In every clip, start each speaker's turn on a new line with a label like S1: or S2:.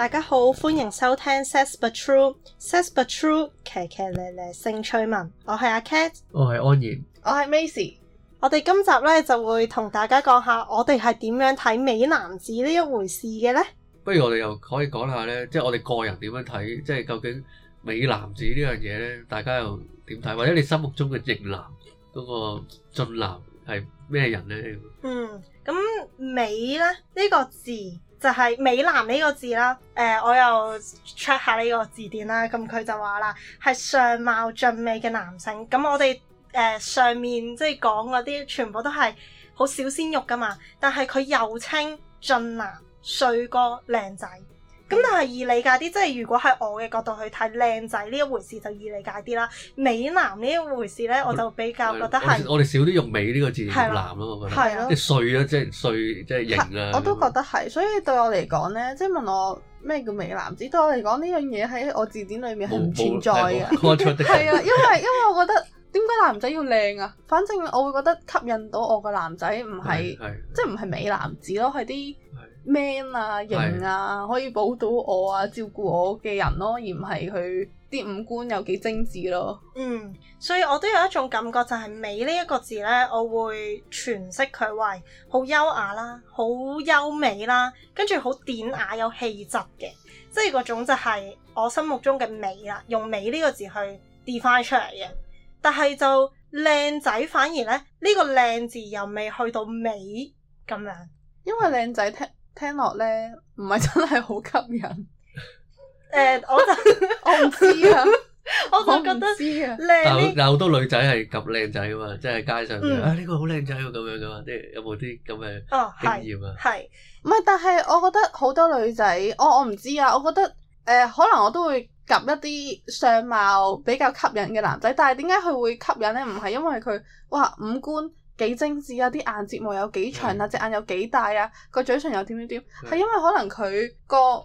S1: 大家好，歡迎收聽 Says but True，Says but True，騎騎咧咧性趣聞，我係阿 Kat，
S2: 我係安然，
S1: 我係 Macy，我哋今集咧就會同大家講下，我哋係點樣睇美男子呢一回事嘅呢？
S2: 不如我哋又可以講下咧，即係我哋個人點樣睇，即係究竟美男子呢樣嘢咧，大家又點睇？或者你心目中嘅型男嗰個俊男係咩人呢？嗯，
S1: 咁美咧呢個字。就係美男呢個字啦，誒、呃，我又 check 下呢個字典啦，咁佢就話啦，係相貌俊美嘅男性，咁我哋誒、呃、上面即係講嗰啲全部都係好小鮮肉㗎嘛，但係佢又稱俊男過帥哥靚仔。咁但係易理解啲，即係如果喺我嘅角度去睇靚仔呢一回事就易理解啲啦。美男呢一回事咧，我，我就比較覺得係我哋
S2: 少啲用美呢個字，用吧男咯、啊，即係帥咯，即係帥，即係型啊！我都
S3: 覺得係，所以對我嚟講咧，即係問我咩叫美男子？對我嚟講，呢樣嘢喺我字典裏面係唔存在嘅，係 啊，因為因為我覺得點解男仔要靚啊？反正我會覺得吸引到我嘅男仔唔係即係唔係美男子咯，係啲。man 啊，型啊，的可以保到我啊，照顧我嘅人咯、啊，而唔係佢啲五官有幾精緻咯。嗯，所以我都有一種感覺就係美呢一個字
S1: 呢，我會詮釋佢為好優雅啦，好優美啦，跟住好典雅有氣質嘅，即係嗰種就係我心目中嘅美啦。用美呢個字去 define 出嚟嘅，但係就靚仔反而呢，呢、呢個靚字又未去到美咁樣，
S3: 因為靚仔聽。嗯聽落咧，唔係真係好吸引。誒、 嗯，我就 我唔知啊， 我就覺得我知但有但
S2: 有好多女仔係睇靚仔啊嘛，即、就、係、是、街上啊呢個好靚仔喎咁樣噶嘛，即啲有冇啲咁嘅經驗啊？係、
S3: 這個，唔係、啊哦？但係我覺得好多女仔、哦，我我唔知啊。我覺得誒、呃，可能我都會睇一啲相貌比較吸引嘅男仔，但係點解佢會吸引咧？唔係因為佢哇五官。幾精緻啊！啲眼睫毛有幾長啊！隻眼有幾大啊！個嘴唇又點點點，係 因為可能佢個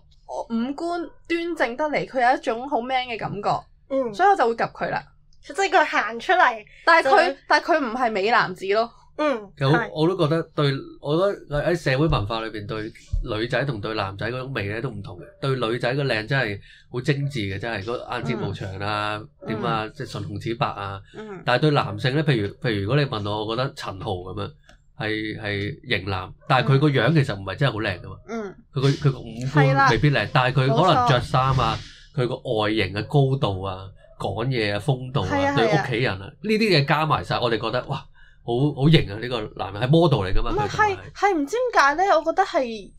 S3: 五官端正得嚟，佢有一種好 man 嘅感覺，嗯、所以我就會夾佢啦。即係佢行出嚟，但係佢會但係佢唔係美男子咯。嗯，其實
S2: 我我都覺得對，我覺得喺社會文化裏邊對女仔同對男仔嗰種美咧都唔同嘅。對女仔嘅靚真係好精緻嘅，真係個眼睫毛長啊，點啊，即唇紅齒白啊。嗯。但係對男性咧，譬如譬如如果你問我，我覺得陳豪咁樣係係型男，但係佢個樣其實唔係真係好靚嘅嘛。嗯。佢個佢個五官未必靚，但係佢可能著衫啊，佢個外形嘅高度啊，講嘢啊，風度啊，對屋企人啊，呢啲嘢加埋曬，我哋覺得哇！好好型啊！呢、呢個男人係 model 嚟㗎嘛，唔係
S3: 係唔知點解咧？我覺得係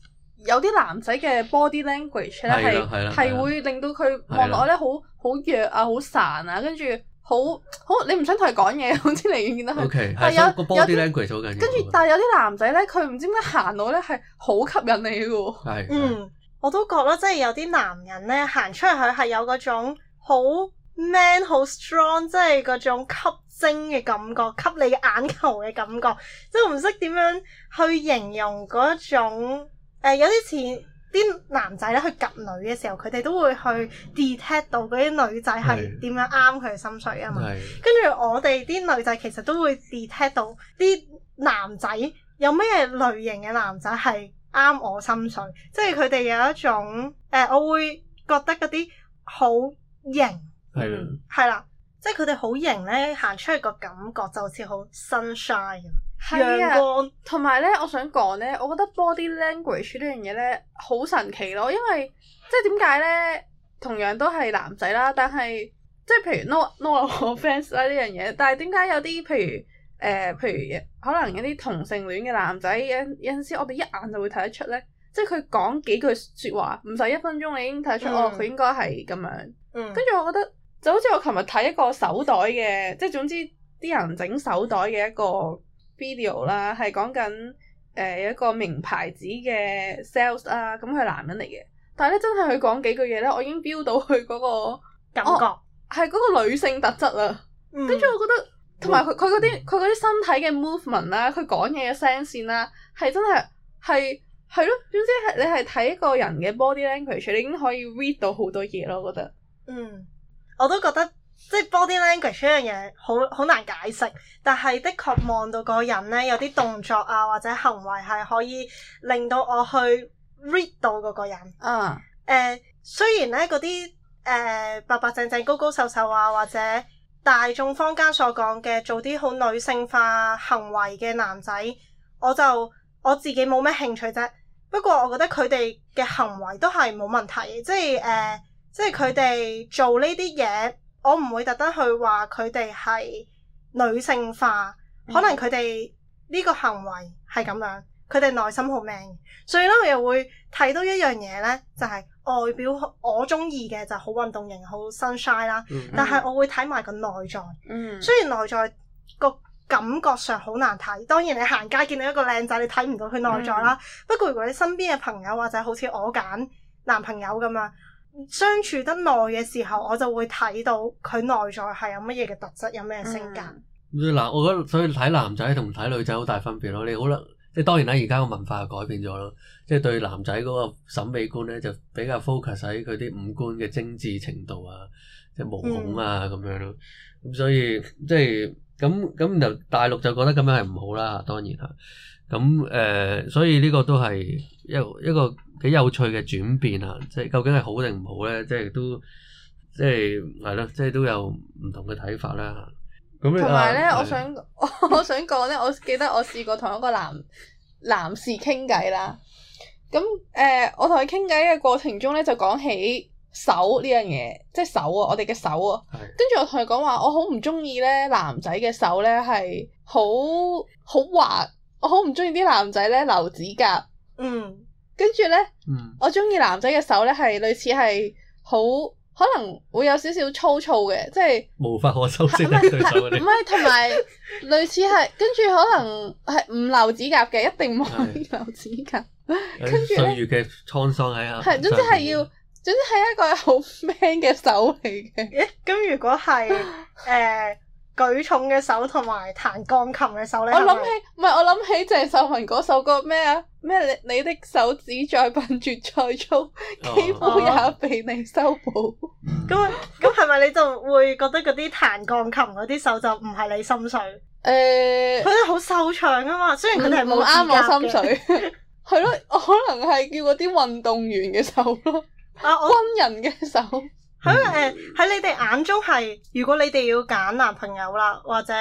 S3: 有啲男仔嘅 body language 咧係係會令到佢望落咧好好弱啊、好散啊，跟住好好你唔想同佢講嘢，好似嚟遠見到佢。OK，係有啲 body
S2: language 好緊要。跟住
S3: 但係有啲男仔咧，佢唔知點解行落咧係好吸引你嘅
S1: 喎。嗯，mm, mm. 我都覺得，即、就、係、是、有啲男人咧行出去係係有嗰種好。Man 好 strong，即係嗰種吸睛嘅感覺，吸你眼球嘅感覺，即係唔識點樣去形容一種誒、呃、有啲似啲男仔咧去夾女嘅時候，佢哋都會去 detect 到嗰啲女仔係點樣啱佢嘅心水啊嘛。跟住我哋啲女仔其實都會 detect 到啲男仔有咩類型嘅男仔係啱我心水，即係佢哋有一種誒、呃、我會覺得嗰啲好型。係啦，即係佢哋好型咧，行出去個感覺就好似好 sunshine，咁光。係啊，
S3: 同埋咧，我想講咧，我覺得 body language 呢樣嘢咧好神奇咯，因為即係點解咧？同樣都係男仔啦，但係即係譬如 no no offense 啦呢樣嘢，但係點解有啲譬如誒、譬如、呃、譬如可能一啲同性戀嘅男仔，有有陣時我哋一眼就會睇得出咧，即係佢講幾句說話，唔使一分鐘，你已經睇得出、嗯、哦，佢應該係咁樣。跟住、嗯、我覺得。就好似我琴日睇一個手袋嘅，即係總之啲人整手袋嘅一個 video 啦，係講緊誒一個名牌子嘅 sales 啦。咁佢係男人嚟嘅，但係咧真係佢講幾句嘢咧，我已經 feel 到佢嗰、嗰個感覺係嗰、哦、個女性特質啊。跟住、嗯、我覺得同埋佢佢嗰啲佢啲身體嘅 movement 啦、啊，佢講嘢嘅聲線啦、啊，係真係係係咯。總之係你係睇一個人嘅 body language，你已經可以 read 到好多嘢咯。我覺得嗯。
S1: 我都覺得，即係 body language 呢樣嘢好好難解釋，但係的確望到個人呢，有啲動作啊或者行為係可以令到我去 read 到嗰個人。嗯。誒，雖然咧嗰啲誒白白淨淨、高高瘦瘦啊，或者大眾坊間所講嘅做啲好女性化行為嘅男仔，我就我自己冇咩興趣啫。不過我覺得佢哋嘅行為都係冇問題嘅，即係誒。呃即係佢哋做呢啲嘢，我唔會特登去話佢哋係女性化，可能佢哋呢個行為係咁樣，佢哋內心好 man，所以咧我又會睇到一樣嘢呢，就係、是、外表我中意嘅就好運動型、好 sunshine 啦，但係我會睇埋個內在，雖然內在個感覺上好難睇，當然你行街見到一個靚仔，你睇唔到佢內在啦。不過如果你身邊嘅朋友或者好似我揀男朋友咁樣。相處得耐嘅時候，我就會睇到佢內在係有乜嘢嘅特質，有咩性格。
S2: 男、嗯嗯，我覺得所以睇男仔同睇女仔好大分別咯。你好，即係當然啦，而家個文化改變咗咯，即係對男仔嗰個審美觀咧就比較 focus 喺佢啲五官嘅精致程度啊，即係毛孔啊咁、嗯、樣咯。咁所以即係咁咁就大陸就覺得咁樣係唔好啦，當然吓。咁誒、呃，所以呢個都係一一個。一個幾有趣嘅轉變啊！即係究竟係好定唔好咧？即係都即係係咯，即係都有唔同嘅睇法啦。咁同埋咧，我想
S3: 我想講咧，我記得我試過同一個男男士傾偈啦。咁誒、呃，我同佢傾偈嘅過程中咧，就講起手呢樣嘢，即係手啊，我哋嘅手啊。係。跟住我同佢講話，我好唔中意咧男仔嘅手咧係好好滑，我好唔中意啲男仔咧留指甲。嗯。跟住咧，嗯、我中意男仔嘅手咧，係類似係好，可能會有少少粗糙嘅，即係
S2: 無法可修飾嘅，唔係，
S3: 同埋類似係，跟住可能係唔留指甲嘅，一定唔可以留指甲。是跟
S2: 住歲月嘅滄桑係啊，係總之係
S3: 要，總之係、嗯、一個好 man 嘅手嚟嘅。咁 如果係誒？ 舉重嘅手同埋彈鋼琴嘅手呢，我諗起唔係，我諗起鄭秀文嗰首歌咩啊？咩你你的手指再笨拙再粗，幾乎也被你修補。咁咁係
S1: 咪你就會覺得嗰啲彈鋼琴嗰啲手就唔係你心水？誒，佢哋
S3: 好修長啊嘛，雖然佢哋冇啱我心水。係咯，我可能係叫嗰啲運動員嘅手咯，軍人嘅手。咁誒，喺你哋
S1: 眼中係，如果你哋要揀男朋友啦，或者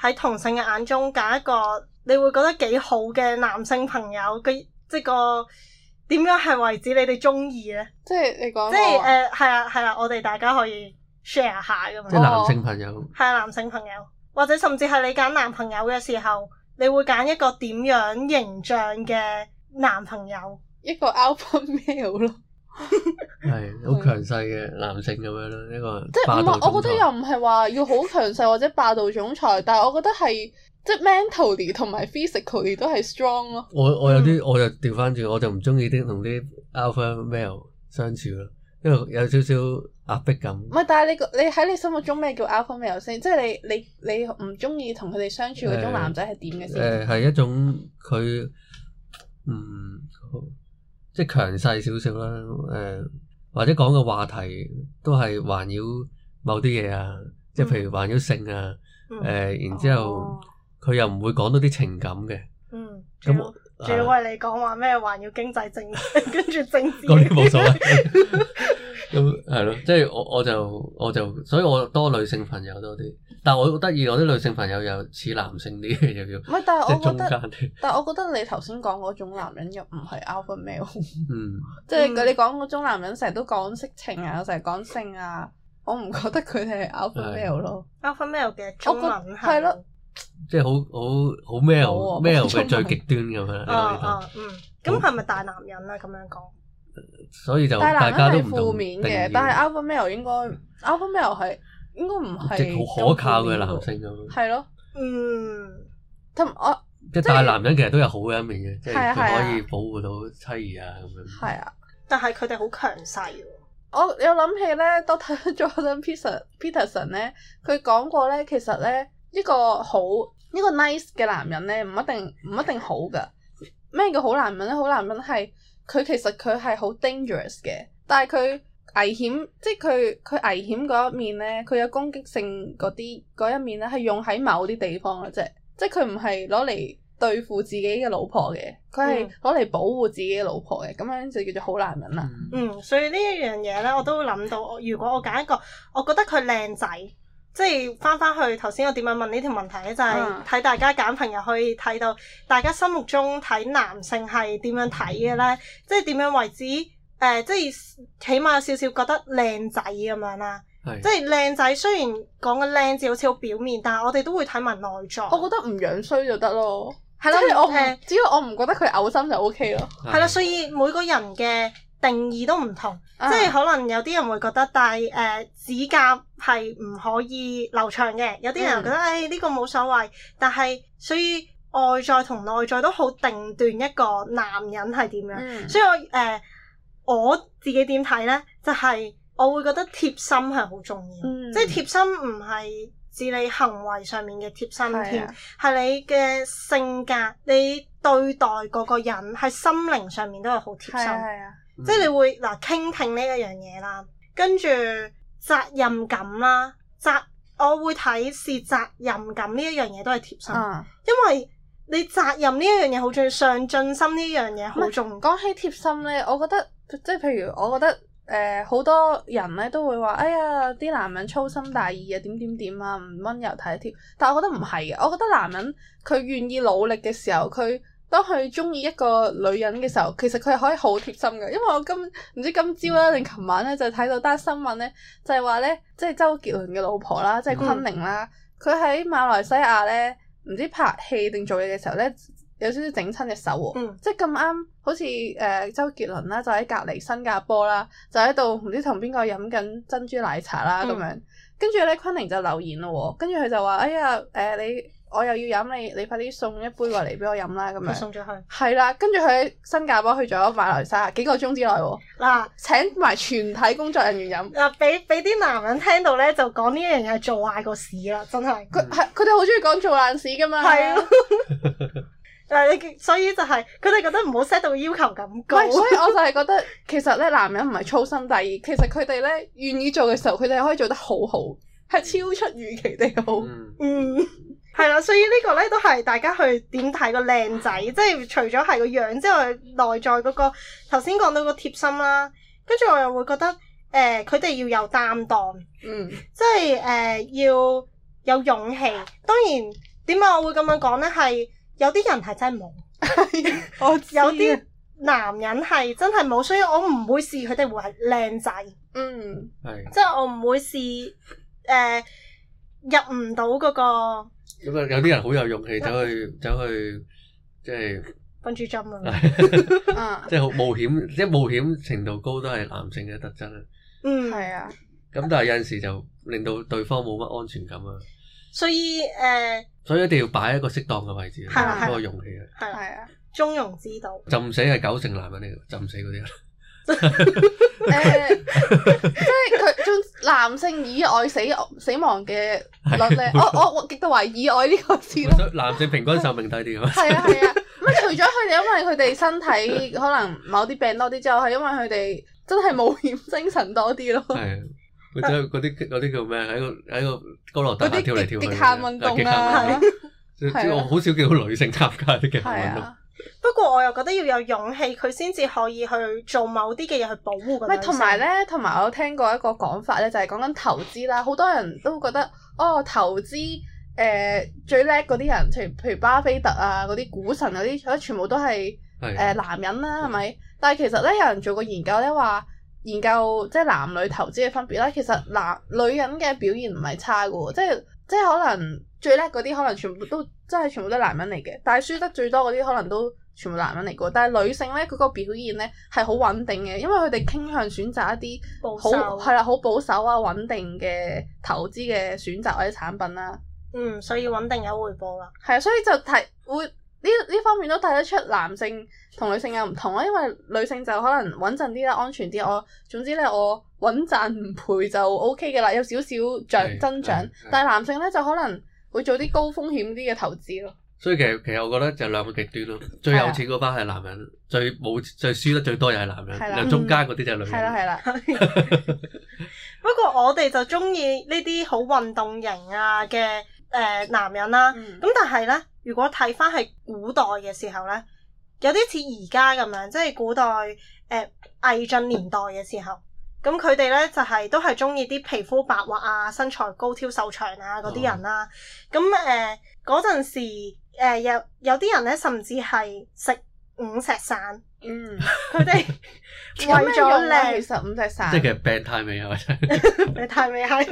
S1: 喺同性嘅眼中揀一個你會覺得幾好嘅男性朋友嘅，即個點樣係為止你哋中意咧？
S3: 即係你講、啊，即
S1: 係，誒，係啊係啊！我哋大家可以 share 下，咁樣，即男性朋友係、哦、啊，男性朋友，或者甚至係你揀男朋友嘅時候，你會揀一個點樣形象嘅男朋友？一個
S3: output male 咯。
S2: 係好強勢嘅男性咁樣咯，呢、這個、嗯、即係唔係，我覺得又
S3: 唔係話要好強勢或者霸道總裁，但係我覺得係即係、就是、mentally 同埋 physically 都係 strong 咯、啊。
S2: 我我有啲、嗯、我就調翻轉，我就唔中意啲同啲 alpha male 相處咯，因為有少少壓迫感。
S3: 唔係，但係你你喺你心目中咩叫 alpha male 先？即係你你你唔中意同佢哋相處嗰種男仔係點嘅先？誒、呃，係、呃、
S2: 一種佢嗯。即強勢少少啦，誒或者講嘅話題都係環繞某啲嘢啊，即係譬如環繞性啊，誒然之後佢又唔會講到啲情感嘅。
S1: 嗯
S2: 咁仲要為
S1: 你講話咩環繞經濟政
S2: 治，跟住政治嗰啲冇所謂，咁係咯，即係我我就我就，所以我多女性朋友多啲。但我覺得意，我啲女性朋友又似男性啲嘅，又唔係。但係我覺得，
S3: 但係我覺得你頭先講嗰種男人又唔係 Alpha male。嗯，即係佢哋講嗰種男人成日都講色情啊，又成日講性啊，我唔覺得佢哋係 Alpha male 咯。
S1: Alpha male 嘅中冷
S2: 係咯，即係好好好 male，male 嘅最極端咁樣。嗯，
S3: 咁係咪大男人咧、啊？咁樣
S2: 講，所以就大家都負面嘅。但係
S3: Alpha male 應該，Alpha male 係。 BUT 應該唔係好可
S2: 靠嘅男性咁，
S3: 係咯，嗯，同我
S2: 即係是但男人其實都有好嘅一面嘅，啊、即係佢可以保護到妻兒啊咁、啊、樣。係啊，
S3: 但係佢哋好強勢喎。我有諗起咧，多睇咗陣 Peterson 咧，佢講過咧，其實咧呢個好呢個 nice 嘅男人咧，唔一定唔一定好㗎。咩叫好男人咧？好男人係佢其實佢係好 dangerous 嘅，但係佢。危險，即係佢佢危險嗰一面咧，佢有攻擊性嗰啲嗰一面咧，係用喺某啲地方嘅啫，即係佢唔係攞嚟對付自己嘅老婆嘅，佢係攞嚟保護自己嘅老婆嘅，咁樣就叫做好男人啦。嗯，所以
S1: 呢一樣嘢咧，我都諗到，如果我揀一個我覺得佢靚仔，即係翻翻去頭先我點樣問呢條問題咧，就係、是、嗯、睇大家揀朋友可以睇到大家心目中睇男性係點樣睇嘅咧，即係點樣為止。誒、呃，即係起碼有少少覺得靚仔咁樣啦。即係靚仔雖然講嘅靚字好似好表面，但係我哋都會睇埋內在。我覺得唔樣衰就得咯。係咯，我、嗯、只要我唔覺得佢嘔心就 O K 咯。係、嗯、啦，所以每個人嘅定義都唔同。嗯、即係可能有啲人會覺得，但係戴指甲係唔可以留長嘅。有啲人覺得誒呢、嗯哎呢個冇所謂，但係所以外在同內在都好定斷一個男人係點樣。嗯、所以我誒。呃我自己點睇呢？就係、是、我會覺得貼心係好重要，嗯、即係貼心唔係指你行為上面嘅貼心添、啊，係你嘅性格、你對待嗰個人，喺心靈上面都係好貼心。啊啊嗯、即係你會嗱、啊、傾聽呢一樣嘢啦，跟住責任感啦，責我會睇係責任感呢一樣嘢都係貼心，嗯、因為
S3: 你責任呢一樣嘢好重要，上進心呢樣嘢好重要。講、嗯、起貼心呢，我覺得。即係譬如，我覺得誒好、呃、多人咧都會話：哎呀，啲男人粗心大意啊，點點點啊，唔溫柔體貼。但我覺得唔係嘅，我覺得男人佢願意努力嘅時候，佢當佢中意一個女人嘅時候，其實佢係可以好貼心嘅。因為我今唔知今朝啦定琴晚咧，就睇到單新聞咧，就係話咧，即係周杰倫嘅老婆啦，即係昆凌啦，佢喺、嗯、馬來西亞咧，唔知拍戲定做嘢嘅時候咧。有少少整親隻手喎、啊，嗯、即係咁啱，好似誒、呃、周杰倫啦、啊，就喺隔籬新加坡啦、啊，就喺度唔知同邊個飲緊珍珠奶茶啦咁樣，嗯、跟住咧，昆凌就留言咯、啊，跟住佢就話：哎呀，誒、呃、你我又要飲你，你快啲送一杯過嚟俾我飲啦咁樣。送咗去。係啦、啊，跟住佢喺新加坡去咗馬來西亞幾個鐘之內喎、啊。嗱、啊，請埋全體工作人員飲。嗱、啊，俾俾啲男人聽到咧，就講呢樣嘢做壞個屎啦，真係。佢係佢哋好中意講做爛屎噶嘛。係咯。
S1: 誒，所以就係佢哋覺得唔好 set 到要求咁高。 所以我就係
S3: 覺得其實咧，男人唔係粗心大意，其實佢哋咧願意做嘅時候，佢哋可以做得好好，係超出預期地好。嗯。 嗯。係啦，所以個呢個咧都係大
S1: 家去點睇個靚仔， 即係除咗係個樣之外，內在嗰、那個頭先講到個貼心啦、啊，跟住我又會覺得誒，佢、呃、哋要有擔當，嗯，即係誒、呃、要有勇氣。當然點解我會咁樣講咧？係。有啲人係真係冇， 我有啲男人係真係冇，所以我唔會視佢哋為靚仔。嗯，即係我唔會視誒入唔到嗰個。咁
S2: 啊，有啲人好有勇氣走去走去，即係分珠針啊！啊，即係好冒險，即係冒險程度高都係男性嘅特質啊。嗯，
S1: 係啊。
S2: 咁但係有陣時就令到對方冇乜安全感啊。
S1: 所以誒。
S2: 所以一定要擺喺一個適當嘅位置，嗰的個容器啊。係啊，
S3: 中庸之道。浸
S2: 死係九成男人嚟嘅，浸死嗰啲。 欸、
S3: 即係佢將男性意外死死亡嘅率咧，我我我極度懷疑意外呢個字
S2: 咯。男性平均壽命低啲啊？係啊係
S3: 啊，唔 除咗佢哋，因為佢哋身體可能某啲病多啲之外，係因為佢哋真係冒險精神，神多啲咯。係。
S2: 即嗰啲啲叫咩？喺個喺個高樓大廈跳嚟跳去，極限運動啊！即我好少見到女性參加啲極限運動啊。
S1: 不過我又覺得要有勇氣，佢先至可以去做某啲嘅嘢去保護。咪同埋咧，
S3: 同埋我聽過一個講法咧，就係講緊投資啦。好多人都覺得哦，投資誒、呃、最叻嗰啲人，譬如譬如巴菲特啊，嗰啲股神嗰啲，全部都係誒、呃、男人啦，係咪的？的但係其實咧，有人做過研究咧，話。研究即係男女投資嘅分別啦，其實男女人嘅表現唔係差嘅，即係即係可能最叻嗰啲可能全部都真係全部都係男人嚟嘅，但係輸得最多嗰啲可能都全部男人嚟嘅，但係女性咧佢個表現咧係好穩定嘅，因為佢哋傾向選擇一啲好係啦，好保守啊，穩定嘅投資嘅選擇或者產品啦。
S1: 嗯，所以穩定有回報啦。
S3: 係啊，所以就提會。都睇得出男性同女性又唔同啦，因為女性就可能穩陣啲啦，安全啲。我總之咧，我穩賺唔賠就 OK 嘅啦，有少少漲增長。但係男性咧就可能會做啲高風險啲嘅投資咯。所以其
S2: 實其實我覺得就兩個極端咯，最有錢嗰班係男人，最冇最輸得最多又係男人，又中間嗰啲就係女人。係啦係
S1: 啦。不過我哋就中意呢啲好運動型啊嘅誒、呃、男人啦，咁但係呢。Ashe Emm en react 如果睇翻係古代嘅時候咧，有啲似而家咁樣，即係古代誒魏、呃、晉年代嘅時候，咁佢哋咧就係、係、都係中意啲皮膚白滑啊、身材高挑瘦長啊嗰啲人啦、啊。咁誒嗰陣時、呃、有有啲人咧，甚至係食五石散。嗯，佢哋
S3: 為咗靚十五隻散，即
S2: 係病太美啊？
S3: 病太美係，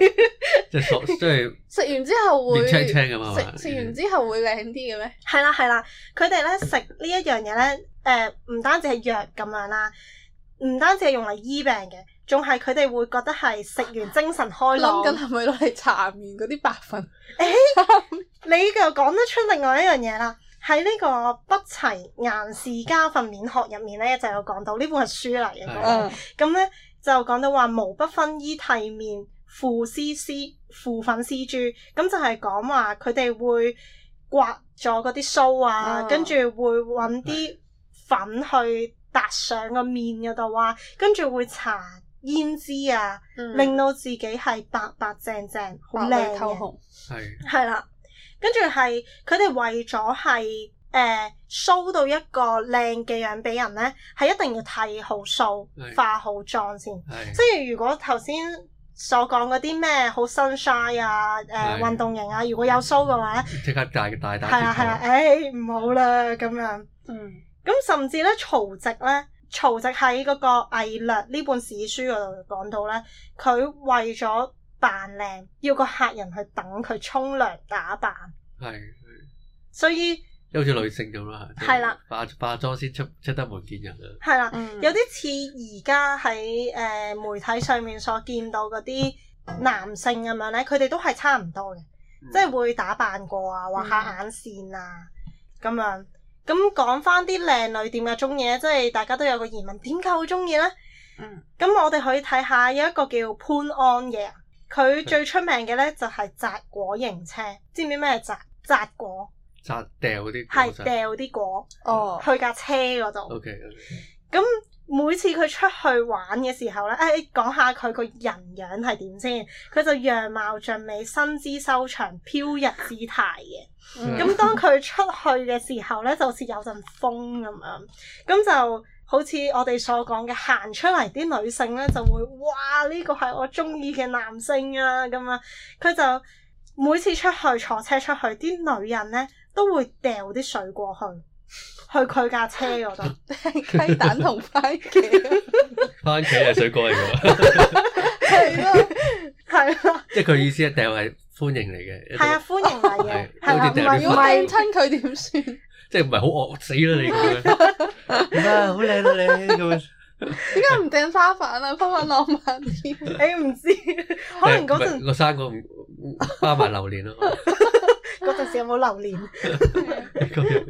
S3: 即
S2: 係熟即係
S3: 食完之後會青咁啊，食食完之後會靚啲嘅咩？
S1: 係啦係啦，佢哋咧食呢一樣嘢咧，誒、呃，唔單止係藥咁樣啦，唔單止係用嚟醫病嘅，仲係佢哋會覺得係食完精神開朗。諗緊係咪攞嚟搽面嗰啲白粉？誒、欸，塗完 你就講得出另外一樣嘢啦？喺呢個《北齊顏氏家訓勉學》入面咧，就有講到呢本係書嚟嘅。咁咧的、嗯嗯、就講到話，無不分衣、剃面、傅絲絲、傅粉施朱，咁、嗯、就係講話佢哋會刮咗嗰啲須啊，跟住、嗯、會揾啲粉去搭上個面嗰度啊，跟住會搽胭脂啊，嗯、令到自己係白白淨淨、好靚嘅。係，係啦的。的跟住係，佢哋為咗係誒 show 到一個靚嘅樣俾人咧，係一定要睇好數化好妝先。是即係如，如果頭先所講嗰啲咩好 sunshine 啊、誒、呃、是運動型啊，如果有 show 嘅話
S2: 咧，即刻戴大戴。係啊係啊，
S1: 唉唔、啊哎、好啦咁樣。嗯，咁甚至咧曹植咧，曹植喺嗰個魏略呢本史書嗰度講到咧，佢為咗。扮靚要個客人去等佢沖涼打扮
S2: 係，
S1: 的所以
S2: 又好似女性咁啦，係係啦，化化妝先出出得門見人
S1: 嘅係啦。有啲似而家喺誒媒體上面所見到嗰啲男性咁樣咧，佢哋都係差唔多嘅，嗯、即係會打扮過啊，畫下眼線啊，咁、嗯、樣咁講翻啲靚女點解中意咧？即係大家都有個疑問，點解好中意咧？咁、嗯、我哋可以睇下有一個叫潘安嘅。佢最出名嘅呢，就係摘果型車，知唔知咩？摘摘果，
S2: 摘掉啲果係掉
S1: 啲果哦，佢架、oh. 車嗰度。OK，咁 okay.。每次佢出去玩嘅時候呢，誒、哎，講下佢個人樣係點先。佢就樣貌俊美，身姿修長，飄逸姿態嘅。咁 當佢出去嘅時候呢，就好似有陣風咁樣，咁就。好似我哋所講嘅行出嚟啲女性咧，就會哇，呢個係我中意嘅男性啊咁啊！佢就每次出去坐車出去，啲女人咧都會掉啲水果過去，去佢架車嗰度。 雞蛋同番茄，
S2: 番茄係水果嚟㗎嘛？係咯，
S3: 係啊。即
S2: 係佢意思係掉係歡迎嚟嘅，係 啊，歡迎嚟嘅。係唔係要掟親
S3: 佢點算？
S2: 即係唔係好惡死啦你咁樣，
S3: 唔係好靚啦你咁，點解唔掟花瓣啊？花瓣浪漫啲。你 唔、欸、知，
S2: 可能嗰陣我三個花包埋榴蓮咯。
S3: 嗰陣時有冇榴蓮？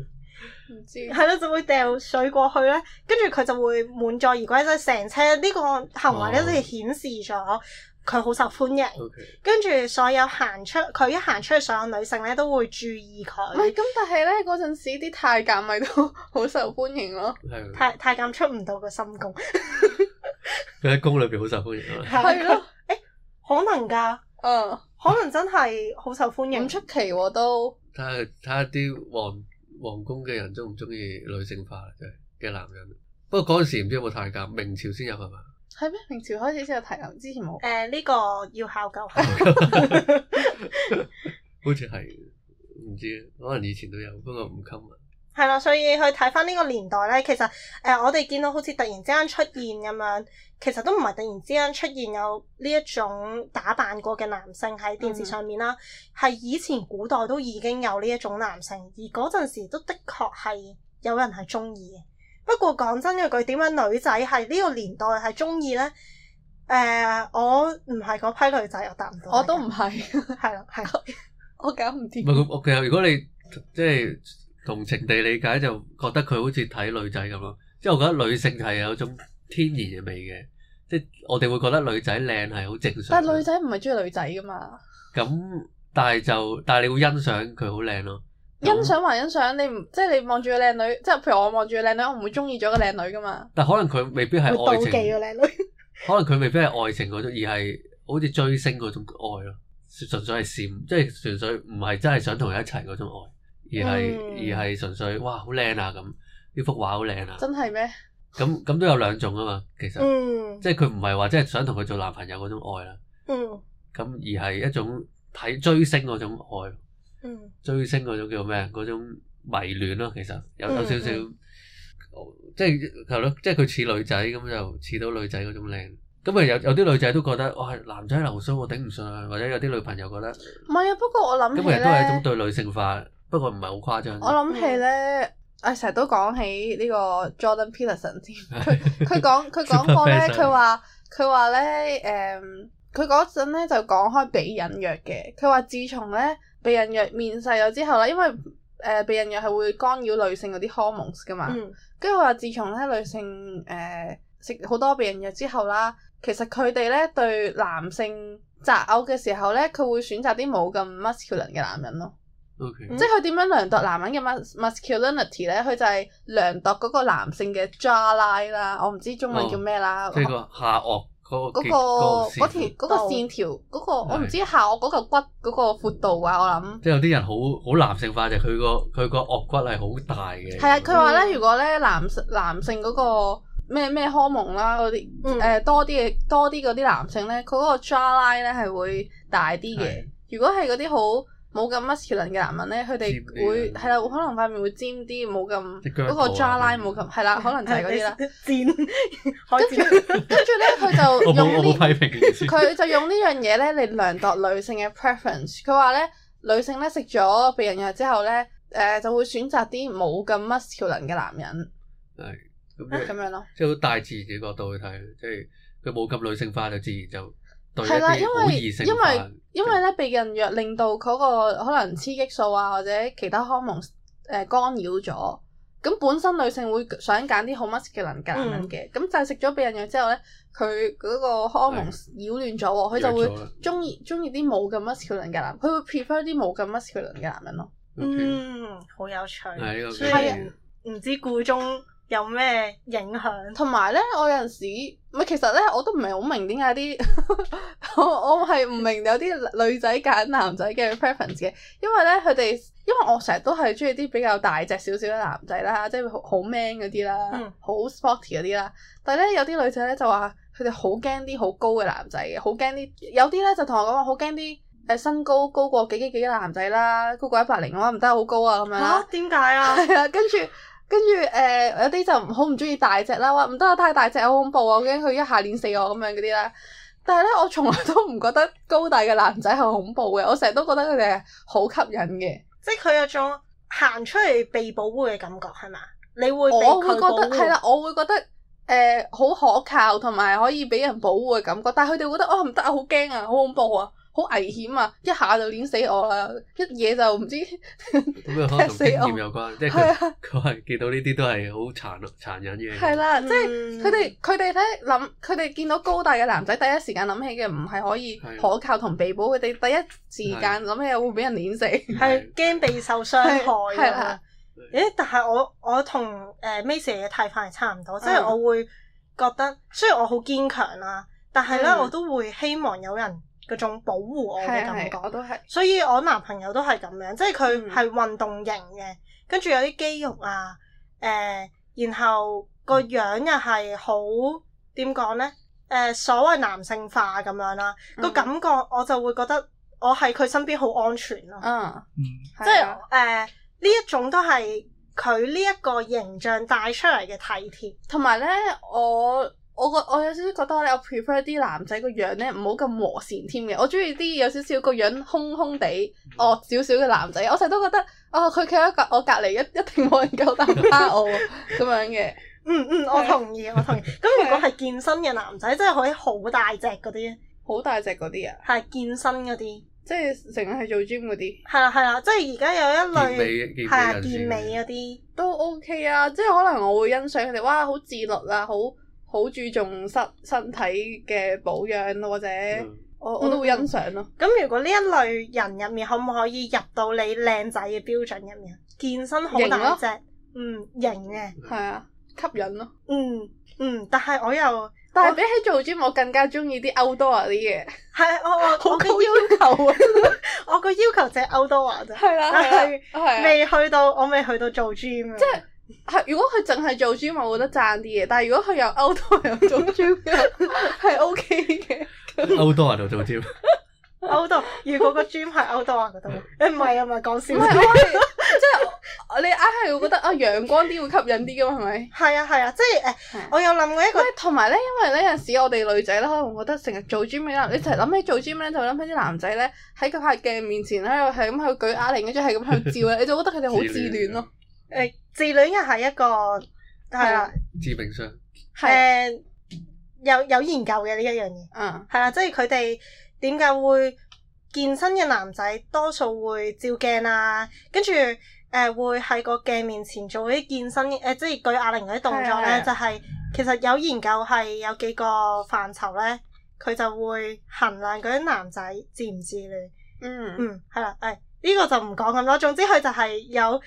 S3: 唔
S1: 知，係咯，就會掉水果去咧，跟住佢就會滿載而歸。即係成車呢、這個行為咧都係顯示咗。哦 佢好受歡迎，跟住 Okay. 所有行出佢一行出去，所有女性咧都會注意佢。唔係
S3: 咁，但係咧嗰陣時啲太監咪都好受歡迎咯。的太太監出唔到個心宮，
S2: 佢喺宮裏邊好受歡迎。係咯，
S3: 誒可能㗎，嗯，
S1: 可能真係好受歡迎，唔出奇喎都。
S2: 睇下睇下啲皇皇宮嘅人中唔中意女性化嘅嘅男人。不過嗰陣時唔知有冇太監，明朝先有係嘛？
S1: 係咩？明朝開始先有提啊，之前冇。誒、呃、呢，這個要考究。
S2: 好似係，唔知，可能以前都有，不過唔 common。
S1: 係啦，所以去睇翻呢個年代咧，其實誒、呃、我哋見到好似突然之間出現咁樣，其實都唔係突然之間出現有呢一種打扮過嘅男性喺電視上面啦，係、嗯、以前古代都已經有呢一種男性，而嗰陣時都的確係有人係中意嘅。不過講真一句，點解女仔係呢個年代係中意咧？誒、呃，我唔係嗰批女仔，我答唔到。我都唔
S3: 係，係 啦，係。 我搞唔掂。唔係，
S2: 我其實如果你即係同情地理解，就覺得佢好似睇女仔咁咯。即係我覺得女性係有種天然嘅味嘅，即係我哋會覺得女仔靚係好正常但，
S3: 但係女仔唔係中意女仔噶嘛？
S2: 咁，但係就但係你會欣賞佢好靚咯。
S3: 欣賞還欣賞，你唔，即係你望住個靚女，即係譬如我望住個靚女，我唔會中意咗個靚女噶嘛。
S2: 但可能佢未必係愛情個靚、
S3: 啊、女，
S2: 可能佢未必係愛情嗰種，而係好似追星嗰種愛咯，純粹係羨，即係純粹唔係真係想同佢一齊嗰種愛，而係、嗯、而係純粹哇，好靚啊咁，呢幅畫好靚啊。啊真係咩？咁咁都有兩種啊嘛，其實即係佢唔係話即係想同佢做男朋友嗰種愛啦，咁而係一種睇追星嗰種愛。嗯嗯、追星嗰種叫咩？嗰種迷戀咯、啊，其實有有少少，嗯、即係係咯，即係佢似女仔咁就似到女仔嗰種靚，咁啊有有啲女仔都覺得，我係男仔流蘇我頂唔順啊，或者有啲女朋友覺得，
S3: 唔係啊，不過我諗起其實都係一種
S2: 對女性化，不過唔係好誇張。我
S3: 諗起咧，誒成日都講起呢、嗯、起個 Jordan Peterson 添，佢佢講佢講過咧，佢話佢話咧，誒，佢嗰陣咧就講開被引誘嘅，佢話自從咧。避孕藥面世咗之後啦，因為誒、呃、避孕藥係會干擾女性嗰啲 hormones 㗎嘛，跟住我話自從咧女性誒食好多避孕藥之後啦，其實佢哋咧對男性擇偶嘅時候咧，佢會選擇啲冇咁 muscular 嘅男人咯
S2: ，okay, 嗯、
S3: 即係佢點樣量度男人嘅 masculinity 咧？佢就係量度嗰個男性嘅 jawline 啦，我唔知中文叫咩啦，即個
S2: 下嗰、那個嗰條
S3: 嗰個線條嗰、那個那個我唔知是下我嗰嚿骨嗰個闊度啊，我諗
S2: 即係有啲人好好男性化，就係佢個佢個顎骨係好大嘅。係啊，佢話咧，嗯、如果
S3: 咧男性，男性嗰、那個咩咩荷爾蒙啦，嗰啲誒多啲嘅多啲嗰啲男性咧，嗰個 jawline 咧係會大啲嘅。是如果係嗰啲好。冇咁 masculine 嘅男人咧，佢哋會係啦，可能塊面會尖啲，啊，冇咁嗰個 jaw line 冇咁係啦，可能就係嗰啲啦。尖 跟住跟住咧，佢
S2: 就用呢佢
S3: 就用呢樣嘢咧嚟量度女性嘅 preference。佢話咧，女性咧食咗避孕藥之後咧，誒、呃、就會選擇啲冇咁 masculine 嘅男人。
S2: 係咁樣咯，即係好大自然嘅角度去睇，即係佢冇咁女性化就 自然就。係啦，因為 因為
S3: 因為咧避孕藥令到嗰、嗰個可能雌激素啊或者其他荷爾蒙誒干擾咗，咁本身女性會想揀啲好 muscular 嘅男人嘅，咁、嗯、就食咗避孕藥之後咧，佢嗰個荷爾蒙、嗯、擾亂咗，佢就會中意中意啲冇咁 muscular 嘅男人，佢會 prefer 啲冇咁 muscular 嘅男人咯。Okay. 嗯，
S1: 好有趣，係啊，唔知故中。有咩影響？
S3: 同埋咧，我有陣時唔係，其實咧，我都唔係好明點解啲我我係唔明有啲女仔揀男仔嘅 preference 嘅，因為咧佢哋因為我成日都係中意啲比較大隻少少嘅男仔啦，即係好 man 嗰啲啦，好 sporty 嗰啲啦。但係咧有啲女仔咧就話佢哋好驚啲好高嘅男仔嘅，好驚啲有啲咧就同我講話好驚啲誒身高高過幾幾幾嘅男仔啦，高過一百零嘅話唔得好高啊咁樣啦。點解啊？係啊， 跟住。跟住誒有啲就好唔中意大隻啦，話唔得啊太大隻好恐怖啊，我驚佢一下碾死我咁樣嗰啲啦。但係咧我從來都唔覺得高大嘅男仔係恐怖嘅，我成日都覺得佢哋係好吸引嘅。即係佢有種行出嚟被
S1: 保護嘅感覺係嘛？
S3: 你會我會覺得係啦，我會覺得誒好、呃、可靠同埋可以俾人保護嘅感覺。但係佢哋會覺得哦唔得啊，好驚啊，好恐怖啊！好危險啊！一下就攣死我啦，一嘢就唔知嚇死
S2: 我。咁又可能同經驗有關， 啊、即係佢佢係見到呢啲都係好殘咯，殘忍嘅。係啦，
S3: 即係佢哋佢哋喺諗，佢哋見到高大嘅男仔，第一時間諗起嘅唔係可以可靠同庇護，佢哋第一時間諗起會俾人攣死。係驚被受傷害啊！
S1: 咦、啊？但係我我同誒 Maisy 嘅睇法係差唔多，即係對 我會覺得雖然我好堅強啦，但係咧對 我都會希望有人。嗰種保護我嘅感覺都係，所以我男朋友都係咁樣，即係佢係運動型嘅，嗯、跟住有啲肌肉啊，誒、呃，然後個樣又係好點講呢？誒、呃，所謂男性化咁樣啦，嗯、個感覺我就會覺得我喺佢身邊好安全咯、啊。嗯，嗯即係誒呢一種都係佢呢一個形象帶出嚟嘅體貼，
S3: 同埋呢我。我覺我有少少覺得我 prefer 啲男仔個樣咧，唔好咁和善添嘅。我中意啲有少少個樣空空哋惡少少嘅男仔。我成日都覺得，哦，佢企喺我隔離，一一定冇人夠膽蝦我咁 樣嘅。嗯嗯，我同意，
S1: 我同意。咁 如果係健身嘅男仔，真係 可以好大隻嗰啲，好大隻嗰啲啊？係健身嗰啲，
S3: 即係成日係做 gym 嗰啲。係啦係啦，即係而家有一類係啊健美嗰啲都 OK 啊，即係可能我會欣賞佢哋，哇，好自律啊，好～好注重身身體嘅保養，或者我我都會欣賞咯。咁如果
S1: 呢一類人入面，可唔可以入到你靚仔嘅標準入面？健身好難隻，
S3: 嗯，型嘅，係啊，吸引咯。嗯嗯，但係我又，但係比起做 gym，我更加中意啲歐多華啲嘢。係我我我嘅要求啊，我個要求就係歐多華啫。係啦，但係未
S1: 去到，我未去到做
S3: gym 啊。係如果佢淨係做 gym，我覺得賺啲嘢。但係如果佢有歐多又做 gym，係 O K 嘅。歐多啊，度做 gym？歐多，如果個 gym 係
S2: 歐多啊度，誒唔係啊，唔係講
S1: 笑。
S3: 即係、 即係、你硬係會覺得啊，哦、陽光啲會吸引啲噶嘛？係咪？係啊係啊，即係誒，我有諗過一個。同埋咧，因為咧有陣時我哋女仔啦，可能覺得成日做 gym 咧，你成日諗起做 gym 咧，就諗起啲男仔咧喺個反鏡面前喺度係咁喺度舉啞鈴，跟住係咁喺度照咧， 你就覺得佢哋好自戀咯。誒，自戀嘅係一個係啦，
S2: 致命傷
S3: 誒
S1: 有有研究嘅呢一樣嘢，嗯，係啦、嗯，即係佢哋點解會健身嘅男仔多數會照鏡啊，跟住誒會喺個鏡面前做啲健身誒、呃，即係舉啞鈴嗰啲動作咧，的就係其實有研究係有幾個範疇咧，佢就會衡量嗰啲男仔自唔自戀，嗯嗯，係啦、嗯，誒呢、哎這個就唔講咁多，總之佢就係有。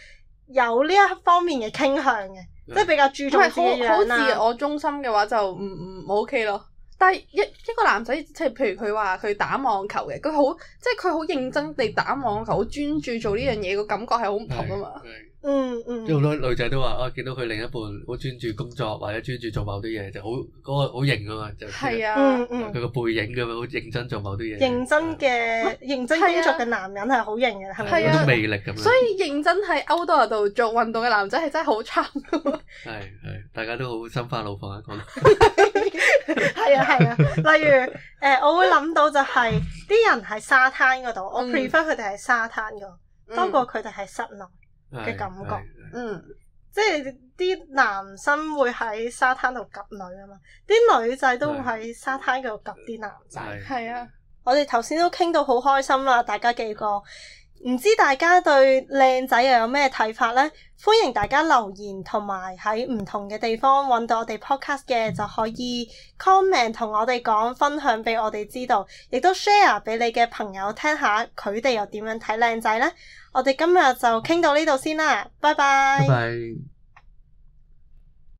S1: 有呢一
S3: 方面嘅傾向嘅，嗯、
S1: 即係比較注重啲係、啊、好好自我
S3: 中心嘅話就唔唔 OK 咯。但係一一個男仔，即係譬如佢話佢打網球嘅，佢好即係佢好認真地打網球，好專注做呢樣嘢，嗯、個感覺係好唔同啊嘛。嗯嗯嗯嗯嗯，即好
S2: 多女仔都話啊，見到佢另一半好專注工作或者專注做某啲嘢，就好嗰個好型噶嘛，就係啊，嗯嗯，佢個背影咁樣，好認真做某啲嘢，認
S1: 真嘅認
S3: 真工作嘅男人係好型嘅，係咪？有啲魅力咁樣。所以認真喺歐都亞度做運動嘅男仔係真係好慘。
S2: 係係，大家都好心花怒放啊！講係啊
S1: 係啊，例如誒，我會諗到就係啲人喺沙灘嗰度，我 prefer 佢哋喺沙灘噶，多過佢哋喺室內。嘅感覺，嗯，即係啲男生會喺沙灘度及女啊嘛，啲女仔都會喺沙灘度及啲男仔，係啊。 我哋頭先都傾到好開心啦，大家記過～唔知大家對靚仔又有咩睇法呢？歡迎大家留言，同埋喺唔同嘅地方揾到我哋 podcast 嘅就可以 comment 同我哋講，分享俾我哋知道，亦都 share 俾你嘅朋友聽下，佢哋又點樣睇靚仔呢？我哋今日就傾到呢度先啦，拜拜。拜拜。